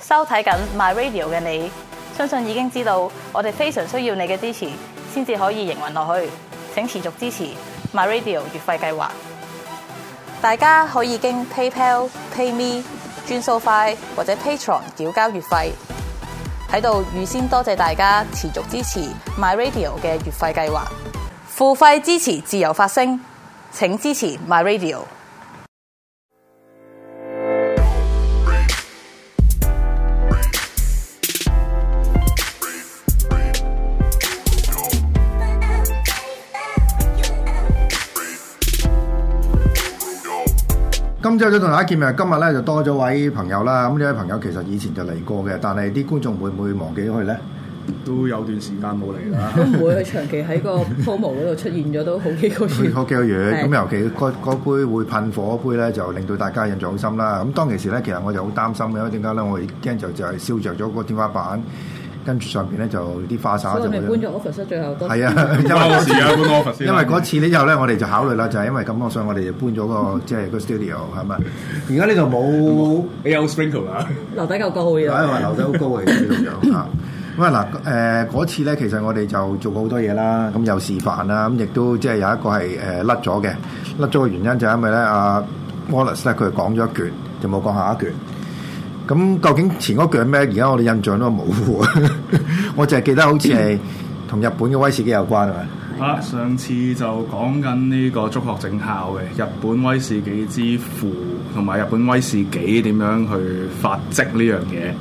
收睇緊 My Radio 嘅你，相信已經知道我哋非常需要你嘅支持，先至可以營運落去，請持續支持 My Radio 月費計劃。大家可以經 PayPal、PayMe、轉數快或者 Patreon 繳交月費，喺度預先多謝大家持續支持 My Radio 嘅月費計劃，付費支持自由發聲，請支持 My Radio。之朝早同大家見面，今日咧就多咗位朋友啦。咁呢位朋友其實以前就嚟過嘅，但係啲觀眾會唔會忘記咗佢咧？都有段時間冇嚟啦， 都唔會長期喺個 promo 嗰度出現咗，都好幾個月。 好幾個月，咁是尤其嗰杯會噴火嗰杯咧，就令到大家印象好深啦。咁當其時咧，其實我就好擔心嘅，因為點解咧？我係驚就就係燒着咗個天花板。跟住上邊咧就啲花灑，因為搬咗 office 室最後都係啊。因為嗰次咧，因為嗰次咧之後咧，我哋就考慮啦，就係因為咁樣，所以我哋就搬咗個即係個 studio 係咪？而家呢度冇 air sprinkler 啦，樓底夠高嘅啦。我係話樓底好高嘅，呢度就嚇。咁啊嗱誒，嗰次咧，其實我哋就做過好多嘢啦，咁有示範啦，咁亦都即係有一個係誒甩咗嘅，甩咗嘅原因就係因為咧阿 Wallace 咧，佢講咗一卷，就冇講下一卷。咁究竟前嗰句係咩？而家我哋印象都模糊啊！我淨係記得好似係同日本嘅威士忌有關係咪？啊、嗯，上次就講緊呢個竹鶴政孝嘅日本威士忌之父，同埋日本威士忌點樣去發跡呢樣嘢？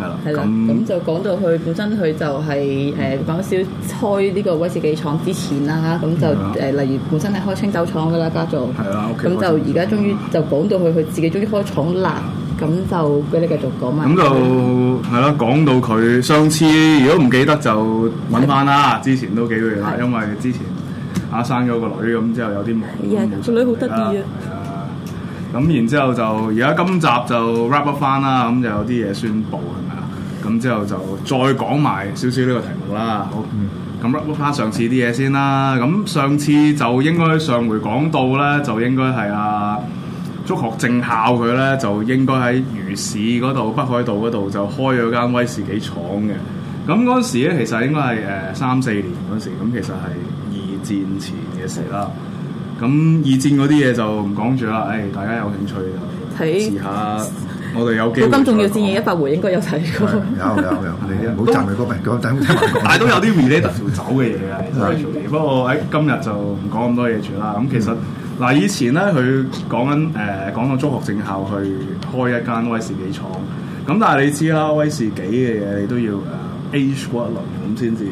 係啦、嗯，係啦、啊，咁就講到佢本身佢就係誒講少開呢個威士忌廠之前啦，咁就誒、呃、例如本身係開清酒廠㗎啦，家族係啦，咁、okay，就而家終於就講到佢佢、啊、自己終於開廠啦。咁就俾你繼續講埋。咁就係咯，講到佢上次，如果唔記得就揾翻啦。的之前都幾攰啦，的因為之前阿、啊、生咗個女咁，之後有啲忙，係的個女好得意啊。咁然之後就而家今集就 wrap 翻啦。咁就有啲嘢宣佈係咪啊？咁之後就再講埋少少呢個題目啦。好，咁 wrap 翻上次啲嘢先啦。咁上次就應該上回講到咧，就應該係啊。竹鶴政孝佢咧，就應該喺余市嗰度、北海道嗰度就開咗間威士忌廠嘅。咁嗰陣時咧，其實應該係三四年嗰陣時，咁其實係二戰前嘅事啦。咁二戰嗰啲嘢就唔講住啦。誒、哎，大家有興趣睇是下，是我哋有基咁重要戰役一百回，應該有睇 的過。有有有，你唔好讚佢嗰份，等聽但係都有啲 related 酒嘅嘢係，不過喺今日就唔講咁多嘢住啦。咁其實。嗱，以前咧佢講緊誒，講、呃、到中學正校去開一間威士忌廠，咁但係你知啦，威士忌嘅嘢你都要誒 age 過一輪咁先至誒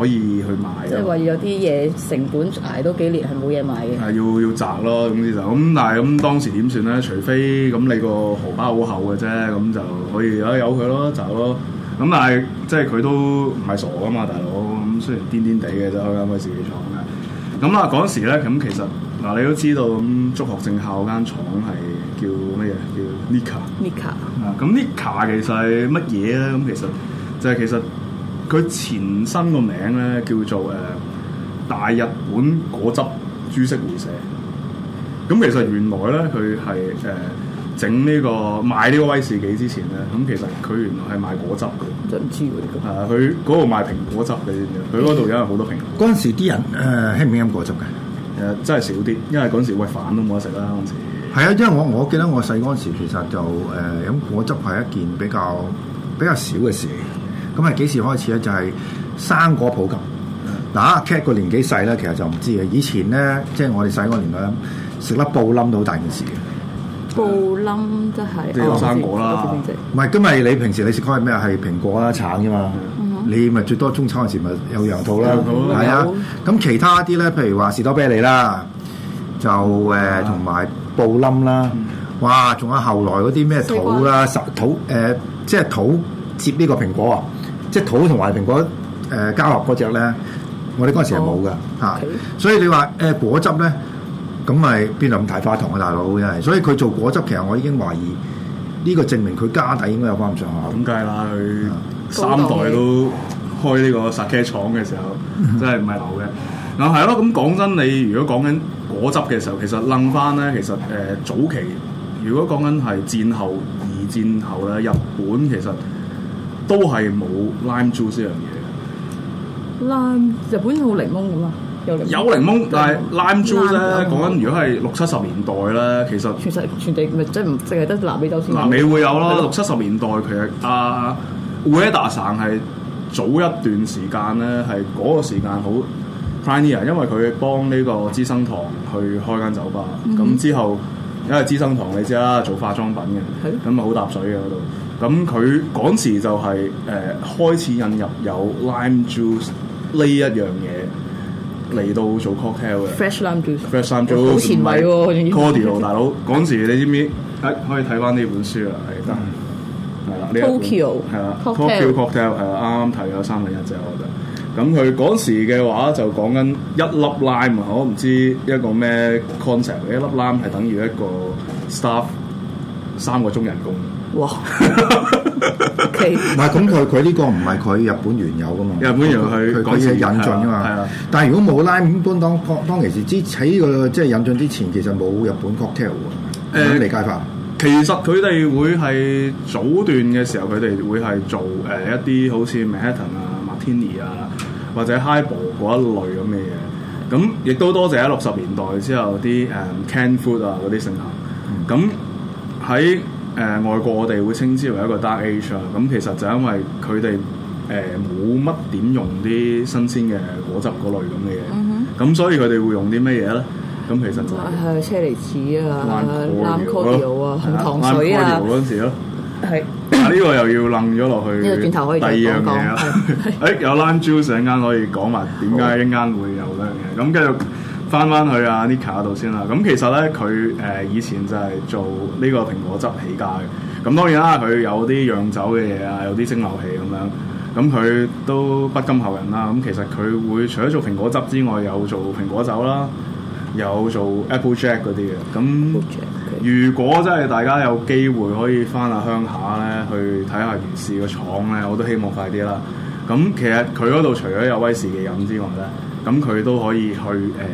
可以去買。即係話有啲嘢成本捱多幾年係冇嘢賣嘅。係要要賺咯，總之就咁。但係咁當時點算咧？除非咁你個荷包好厚嘅啫，咁就可以、啊、有佢咯，賺咯。咁但係即係佢都唔係傻噶嘛，大佬咁雖然癲癲地嘅啫，開間威士忌廠嘅。咁啦，嗰時咧，咁其實嗱，你都知道咁，竹鶴政孝的間廠係叫咩嘢？叫 Nika ika。Nika。啊，咁 Nika 其實係乜嘢咧？咁其實就係、是、其實佢前身個名咧，叫做誒大日本果汁株式會社。咁其實原來咧，佢係誒整呢個賣呢個威士忌之前咧，咁其實佢原來係賣果汁嘅。就唔知喎。係啊，佢嗰度賣蘋果汁，你佢嗰度有好多蘋果汁。嗰陣時啲人誒興唔興飲果汁嘅？誒、呃，真係少啲，因為嗰陣時餵飯都冇得食啦、啊。嗰陣時係啊，因為我我記得我細個時其實就誒飲、呃、果汁係一件比較比較少嘅事。咁係幾時開始咧？就係、是、生果普及。嗱的、啊，阿 Cat 個年紀細咧，其實就唔知嘅。以前咧，即、就、係、是、我哋細個年代食粒布冧都好大件事。嘅。布冧即係生果啦，唔係今日你平時你食開係咩？係蘋果啦、啊、橙啫嘛。嗯、哼 你咪最多中秋嗰時咪有楊桃啦，係、嗯、啊。咁其他啲咧，譬如話士多啤梨啦，就誒同埋布冧啦。嗯、哇！仲有後來嗰啲咩土啦、十四瓜 土誒、呃，即係土接呢個蘋果啊，即係土同埋蘋果誒、呃、交合嗰隻咧，我哋嗰陣時係冇噶嚇。所以你話誒、呃、果汁咧？咁咪邊度咁大花糖啊，大佬真係，所以佢做果汁，其實我已經懷疑呢個證明佢家底應該有翻咁上下。咁梗係啦，佢三代都開呢個沙茄廠嘅時候，真係唔係流嘅。嗱， 係咯，咁講真，你如果講緊果汁嘅時候，其實楞翻咧，其實誒早期如果講緊係戰後二戰後咧，日本其實都係冇 lime juice 呢樣嘢。嗱，日本好檸檬噶嘛？有檸檬，檸檬但係 lime juice 咧，講緊 L ime, 如果係六七十年代咧，其實全世全地咪即係唔淨係得南美洲先有。南美會有啦，六七十年代其實阿 Walter 成係早一段時間咧，係嗰個時間好 pioneer，因為佢幫呢個資生堂去開間酒吧。咁、mm hmm. 之後因為資生堂你知啦，做化妝品嘅，咁咪好搭水嘅嗰度。咁佢嗰時就係、是、誒、呃、開始引入有 lime juice 呢一樣嘢。嚟到做 cocktail 嘅，fresh lime juice，好前衞喎，cordial 大佬，嗰陣時你知唔知？係可以睇翻呢本書啦，係得，係啦 Tokyo 係啦，cocktail，cocktail 係啦，啱啱睇咗三兩日之啫，我覺得。咁佢嗰陣時嘅話就講緊一粒 lime，我唔知一個咩 concept，一粒 lime 係等於一個 staff 三個鐘人工。哇！唔係咁，佢佢呢個唔係佢日本原有噶嘛？日本原來佢講嘢引進噶嘛？係啊！啊但如果冇拉日本當當其時之喺個即係引進之前其沒有 tail，呃，其實冇日本 cocktail 喎。誒，嚟解法其實佢哋會係早段嘅時候，佢哋會係做誒一啲好似 Manhattan、ah、啊、martini 啊或者 highball 嗰一類咁嘅嘢。咁亦都多謝喺六十年代之後啲誒 can food 啊嗰啲盛行。咁喺誒，外國我哋會稱之為一個 dark age 啊，咁其實就因為佢哋誒冇乜點用啲新鮮嘅果汁嗰類咁嘅嘢，咁所以佢哋會用啲乜嘢咧？咁其實係車厘子啊、藍 c o y o 啊、糖水啊嗰陣時咯，係啊，呢個又要楞咗落去，呢個轉頭可以第二樣嘢啊，誒有 lime juice 一間可以講埋點解呢間會有呢嘢，咁跟住。翻翻去阿 Nikka 度先啦。咁其實咧，佢以前就係做呢個蘋果汁起家嘅。咁當然啦，佢有啲釀酒嘅嘢啊，有啲蒸餾器咁樣。咁佢都不甘後人啦。咁其實佢會除咗做蘋果汁之外，有做蘋果酒啦，有做 Apple Jack 嗰啲嘅。咁如果真係大家有機會可以翻下鄉下咧，去睇下余市嘅廠咧，我都希望快啲啦。咁其實佢嗰度除咗有威士忌飲之外咧。咁佢都可以去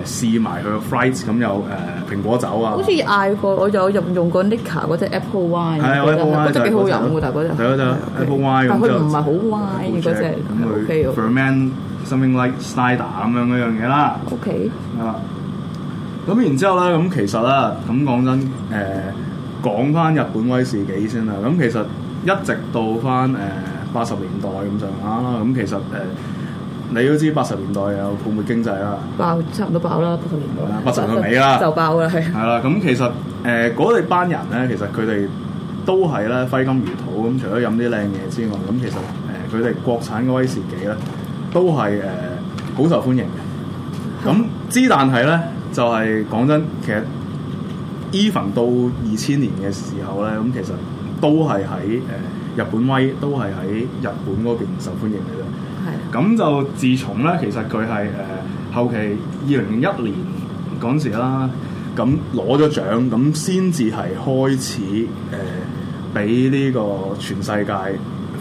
誒試埋佢嘅 fries，咁有誒蘋果酒啊！好似嗌過我有用用過 Nikka 嗰隻 Apple Wine，覺得幾好飲喎，但係嗰隻係 Apple Wine，但佢唔係好 wine 嗰隻。OK。Ferment something like cider 咁樣嗰樣嘢啦。OK。啊，咁然之後咧，咁其實咧，咁講真，誒講翻日本威士忌先啦。咁其實一直到翻誒八十年代咁上下啦，咁其實誒。你都知八十年代有泡沫經濟啦，爆差唔多爆啦，八十年代，八十年尾啦，就爆啦，係。係啦，咁其實誒嗰、呃、一班人咧，其實佢哋都係咧揮金如土咁，除咗飲啲靚嘢之外，咁其實誒佢哋國產嘅威士忌咧，都係誒好受歡迎嘅。咁之的但係咧，就係、是、講真，其實 even 到二千年嘅時候咧，咁其實都係喺誒日本威，都係喺日本嗰邊受歡迎嘅。咁、啊、就自從咧，其實佢係、呃、後期二零零一年嗰陣時啦，咁攞咗獎，咁先至係開始誒，俾、呃、呢個全世界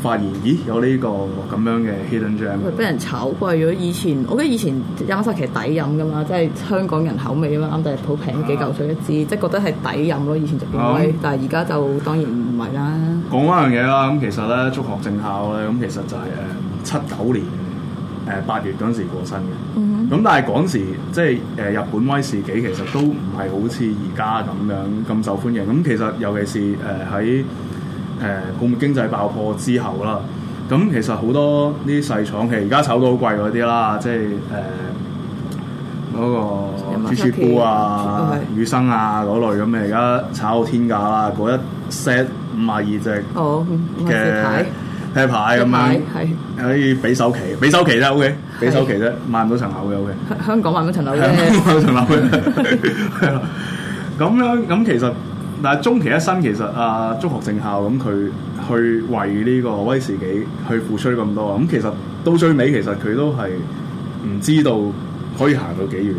發現，咦，有呢、呢個咁樣嘅 Hidden Gem。佢俾人炒，不過如果以前，我記得以前亞薩其實抵飲噶嘛，即係香港人口味啊嘛，啱啲又好平，啊、幾嚿水一支，即係覺得係抵飲咯。以前就咁、嗯、但係而家就當然唔係啦。講翻樣嘢啦，咁其實咧，祝學正考咧，咁其實就係、是七九年誒八、呃、月嗰陣時候過身嘅，咁、嗯、哼但係嗰陣時即係誒日本威士忌其實都唔係好似而家咁樣咁受歡迎。咁、嗯、其實尤其是誒喺誒泡沫經濟爆破之後啦，咁、嗯、其實好多呢啲細廠，其實而家炒到好貴嗰啲啦，即係誒嗰個朱古力啊、啊的雨生啊嗰類咁嘅，而、嗯、家炒到天價啦，嗰一 set 五十二隻嘅，哦睇牌咁啊，可以俾首期，俾首期啦，OK，俾首期啫，買唔到層樓嘅，OK，香港買唔到層樓嘅，買唔到層樓嘅。咁樣咁其實，但係終其一生其實啊，中學正校咁佢、嗯、去為呢個威士忌去付出咁多啊，咁、嗯、其實到最尾其實佢都係唔知道可以行到幾遠。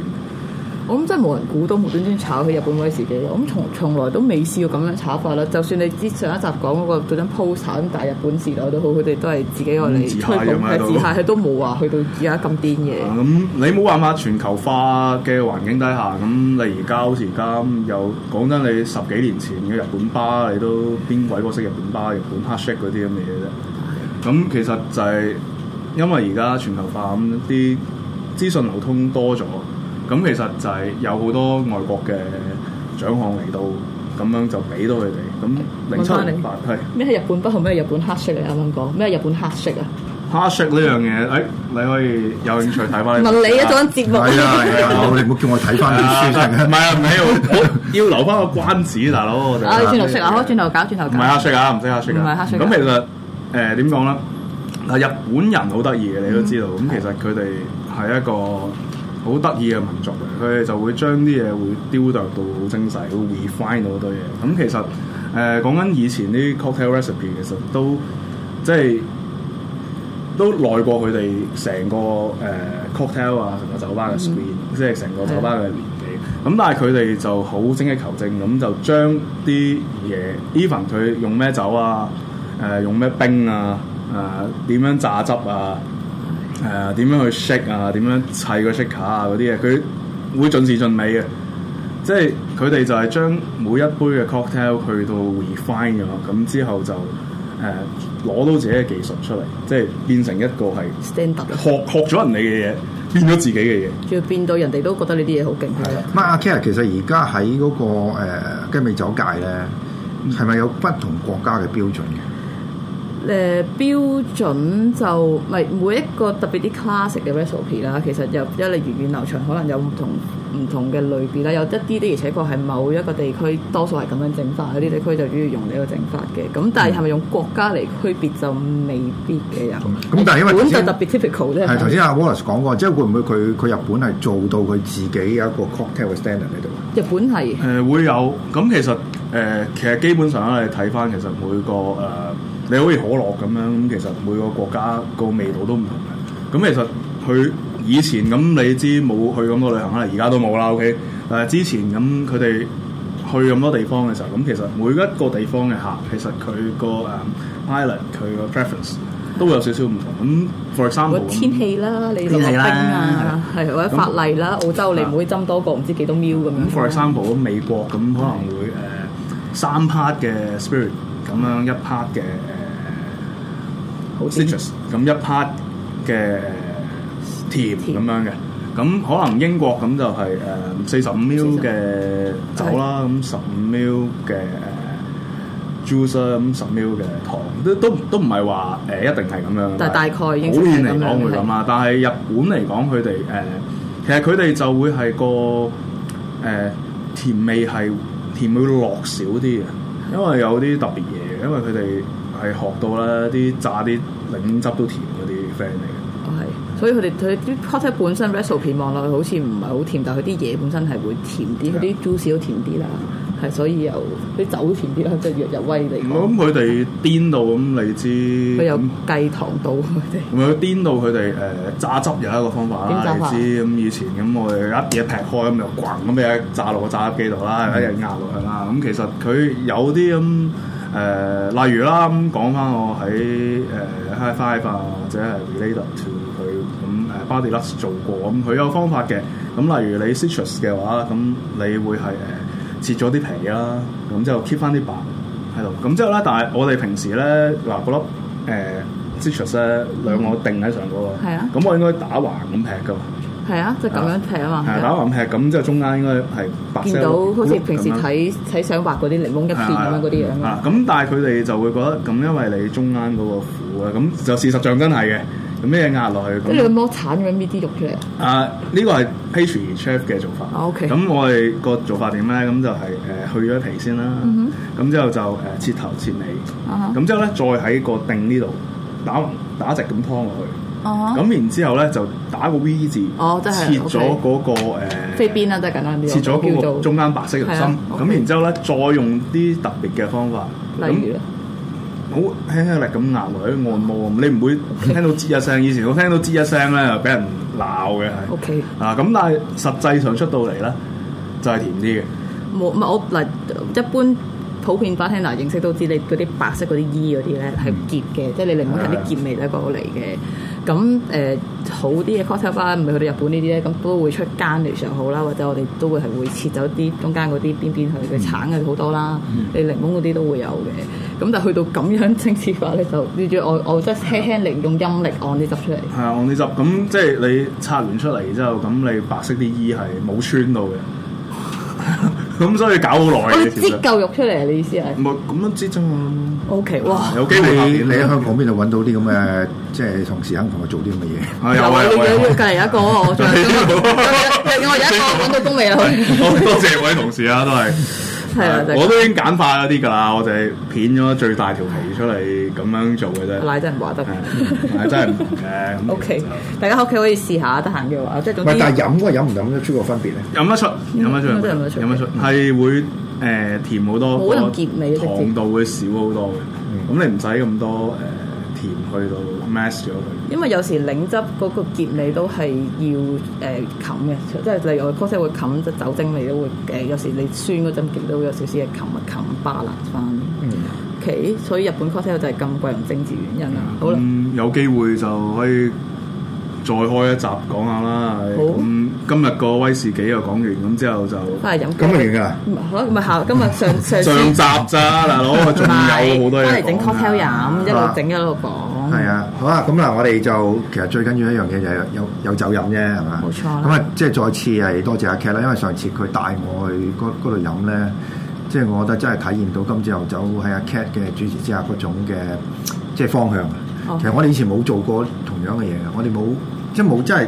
我諗真係冇人估到，無端端炒起日本嗰啲威士忌。我諗從從來都未試過咁樣炒法啦。就算你知上一集講嗰個對陣鋪產大日本時代都好，佢哋都係自己我哋推廣，係自嗨，佢都冇話去到而家咁癲嘅。咁、啊、你冇辦法，全球化嘅環境底下，咁你而家好似而家又講緊你十幾年前嘅日本吧，你都邊鬼個識日本吧、日本 hard shake 嗰啲咁嘅嘢啫。咁其實就係因為而家全球化咁啲資訊流通多咗。咁其實就係有好多外國嘅獎項嚟到，咁樣就俾到佢哋。咁零七零八，係咩係日本不同咩係日本黑色嚟，啱啱講咩係日本黑色啊？黑色呢樣嘢，誒你可以有興趣睇翻。 問你一、啊、做緊節目。係啊係啊，啊 你唔好叫我睇翻啦，唔得。唔係啊，唔係 要，要留翻個關子，大佬。我 啊，轉頭識下嗱，好，轉頭搞，轉頭搞。唔係黑色啊，唔識黑色。唔係黑色。咁其實誒點講咧？嗱，日本人好得意嘅，你都知道。咁、嗯、其實佢哋係一個。好得意嘅民族，佢哋就會將啲嘢會雕琢到好精細，會 refine 到好多嘢。咁其實誒講緊以前啲 cocktail recipe 其實都即係都耐過佢哋成個誒、呃、cocktail 啊，成個酒吧嘅 span、嗯、即係成個酒吧嘅年紀。咁的但係佢哋就好精益求精，咁就將啲嘢 even 佢用咩酒啊，誒、呃、用咩冰啊，誒、呃、點樣榨汁啊。係、呃、啊，點樣去 shake 啊？點樣砌個 shake 卡啊？啲嘢佢會盡善盡美嘅，即係佢哋就係將每一杯嘅 cocktail 去到 refine 嘅嘛。咁之後就誒攞，呃、到自己嘅技術出嚟，即係變成一個係 stand 個係學學咗人哋嘅嘢，變咗自己嘅嘢，仲變到人哋都覺得呢啲嘢好勁係啊，阿係啊 Kira 其實而家喺嗰個誒雞尾、呃、酒界咧，係咪、mm hmm. 有不同國家嘅標準嘅？誒、呃、標準就係每一個特別啲 classic 嘅 recipe 啦，其實又一嚟源遠流長，可能有唔同唔同嘅類別啦。有一啲啲而且確係某一個地區多數係咁樣整法，有啲地區就主要用呢個整法嘅。咁但係係咪用國家嚟區別就未必嘅呀？咁咁、嗯嗯、但係因為本日本特別 typical 咧，係頭先阿 Wallace 講過，即係會唔會佢佢日本係做到佢自己有一個 cocktail standard 喺度？日本係誒會有咁其實誒、呃、其實基本上咧，你睇翻其實每個誒。呃你好似可樂咁樣，其實每個國家個味道都唔同嘅。咁其實佢以前咁，你知冇去咁多旅行啦，而家都冇啦，OK？誒，之前咁佢哋去咁多地方嘅時候，咁其實每一個地方嘅客，其實佢個誒 island 佢個 preference 都會有少少唔同。咁 for example，天氣啦，你凍冰啊，係或者法例啦，澳洲你唔可以斟多個唔知幾多 mill 咁樣。For example，美國咁可能會誒三 part 嘅 spirit 咁樣一 part 嘅。好 citrus 咁一 part 嘅甜咁甜樣嘅，咁可能英國咁就係誒四十五 ml 嘅酒啦，咁十五 ml 嘅 juice 咁十 ml 嘅糖是的都都都唔係話誒一定係咁樣，但係大概英國是，普遍嚟講會咁啊。的但係日本嚟講佢哋，佢哋誒其實佢哋就會係個誒、呃、甜味係甜味落少啲嘅，因為有啲特別嘢，因為佢哋。係學到啦，啲炸啲檸汁都甜嗰啲 friend 嚟嘅。係、哦，所以佢哋佢啲 p o t 本身 r a s 望落去好似唔係好甜，但係佢啲嘢本身係會甜啲，啲的 juice 都甜啲啦。係，所以又啲酒甜啲啦，即係有有威力。我諗佢哋癲到咁你知，佢、嗯、有計糖度佢哋。咪佢癲到佢哋誒榨汁有一個方法啦。點榨？咁、嗯、以前咁我哋一嘢劈開咁就轟咁樣炸落個榨汁機度啦，一嘢壓落去啦。咁、嗯嗯、其實佢有啲咁。嗯誒、呃，例如啦，咁講翻我喺、呃、High Five 啊，或者係 Related to 佢咁、啊、Body Lush 做過，咁、啊、佢有方法嘅。咁、啊、例如你 Citrus 嘅話，咁、啊、你會係、呃、切咗啲皮啦，咁之後 keep 翻啲白喺度。咁之後咧、啊，但係我哋平時咧，嗱、啊、嗰粒 Citrus 咧，兩、呃嗯、個定喺上嗰個，咁、啊、我應該打橫咁劈㗎嘛。係啊，即係咁樣劈啊嘛，啊打橫劈，咁即係中間應該係白色。見到好似平時睇睇相畫嗰啲檸檬一片咁樣嗰啲樣。啊，咁、啊啊、但係佢哋就會覺得，咁因為你中間嗰個苦啊，咁就事實上真係嘅，咁咩壓落去。即你咁攞鏟咗呢啲肉出嚟。啊，呢個係 Patriot Chef 嘅做法。O K、啊。咁、okay、我哋個做法點咧？咁就係、是、誒、呃、去咗皮先啦。嗯咁哼之後就誒、呃、切頭切尾。啊哈。咁之後咧，再喺個頂呢度打橫打直咁拖落去。咁然之後咧就打個 V 字，切咗嗰個誒飛邊啦，即係簡單啲。切咗嗰個中間白色嘅心。咁然之後咧再用啲特別嘅方法，例如咧，好輕輕力咁壓落去按摩，你唔會聽到吱一聲。以前我聽到吱一聲咧，俾人鬧嘅。係。OK。啊，咁但係實際上出到嚟咧就係甜啲嘅。冇，唔係我嚟一般普遍花聽嗱認識都知，你嗰啲白色嗰啲衣嗰啲咧係澀嘅，即係你嚟唔到啲澀味咧過嚟嘅。咁誒、呃、好啲嘅 cotter bar 唔係去到日本呢啲咧，咁都會出間嚟上好啦，或者我哋都會係會切走啲中間嗰啲邊邊去去剷嘅好多啦，嗯、你檸檬嗰啲都會有嘅。咁但係去到咁樣精緻化咧，你就要我我即係輕輕力用陰力按啲汁出嚟。係啊，按啲汁咁即係你拆完出嚟之後，咁你白色啲衣係冇穿到嘅。咁所以搞好耐嘅，我擠肉出嚟，你意思係？唔係咁樣之中。O K，哇！有機會你喺香港邊度揾到啲咁嘅即係同事肯同我做啲咁嘅嘢？又啊。又係，隔離一個我而家一個揾到工未啊？好多謝位同事啊，都係。係啊，我都已經簡化咗啲㗎啦，我就係片咗最大條皮出嚟咁樣做嘅啫。拉真係唔話得，係真係誒。OK，大家屋企可以試下，得閒嘅話，即係總之，但係飲嘅飲唔飲得出個分別咧？飲得出，飲得出，飲得出，係會誒甜好多，好甜，甜味，糖度會少好多嘅。咁你唔使咁多誒。甜去到，mask 咗佢。因為有時檸汁嗰個澀你都係要誒冚嘅，即係例如 cocktail 會冚，即酒精味都會誒、呃。有時你酸嗰陣澀都會有少少嘅冚啊，冚 balance 翻。其、嗯 okay, 所以日本 cocktail 就係咁貴同精緻原因啦。嗯、好啦了、嗯，有機會就可以。再開一集講下啦。好，今日個威士忌又講完，咁之後就今日嚟㗎。唔，嚇下今日上上上集咋嗱，大佬仲有好多嘢，攞嚟整 cocktail 飲一路整一路講。係啊，好啊，咁嗱，我哋就其實最緊要一樣嘢就係有有酒飲啫，係嘛？冇錯咁啊，即係再次係多謝阿 Cat 啦，因為上次佢帶我去嗰度飲咧，即係我覺得真係體驗到今朝有酒喺阿 Cat 嘅主持之下嗰種嘅即係方向。其實我哋以前冇做過同樣嘅嘢，我哋冇。即冇真係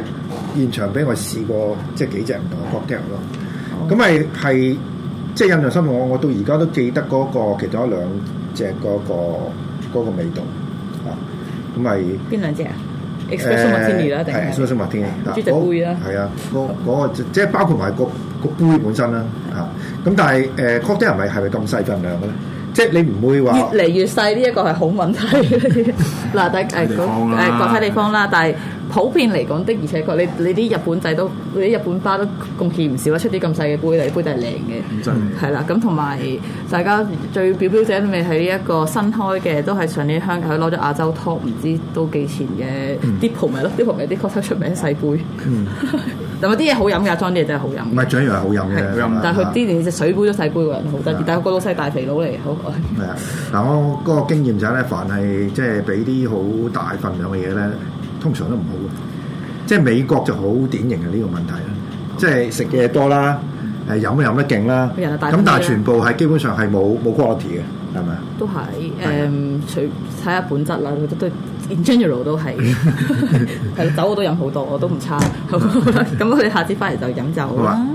現場俾我試過，即係幾隻唔同嘅 cocktail 咯。咁咪係即印象深刻我我到而家都記得嗰個其中一兩隻嗰、嗰個嗰個味道嚇。咁係邊兩隻啊 Espresso、呃、Martini 啦，定 Espresso 是 Martini？嗰隻是杯啦。係啊，嗰個好即係包括埋、嗰個個杯本身啦嚇。咁、啊、但係誒 cocktail 係咪係咪咁細份量嘅咧？即係你唔會話越嚟越細呢一個係好問題。嗱，但誒講誒各睇地方啦，但係普遍嚟講的，而且確你你啲日本仔都你啲日本花都貢獻唔少啊！出啲咁細嘅杯嚟，杯都係靚嘅，係啦。咁同埋大家最表表姐咪喺呢一個新開嘅，都係上年喺香港攞咗亞洲 top，唔知都幾錢嘅 dipper 咪咯 d i 咪的確係出名細杯。嗱，啲嘢好飲㗎，裝啲嘢真係好飲。唔係，最緊要係好飲嘅。但係佢啲前隻水杯都細杯個人好得意。但係佢個老細大肥佬嚟，好。係啊，但我嗰個經驗就係咧，凡係即係俾啲好大份量嘅嘢咧，通常都唔好嘅。即係美國就好典型嘅呢個問題啦。即係食嘢多啦，誒飲又飲得勁啦。咁但係全部係基本上係冇冇 quality 嘅，係咪？都係誒，除睇下本質啦，都都。In general 都係，係酒我都飲好多，我都唔差。好，咁我哋下次翻嚟就飲酒啦。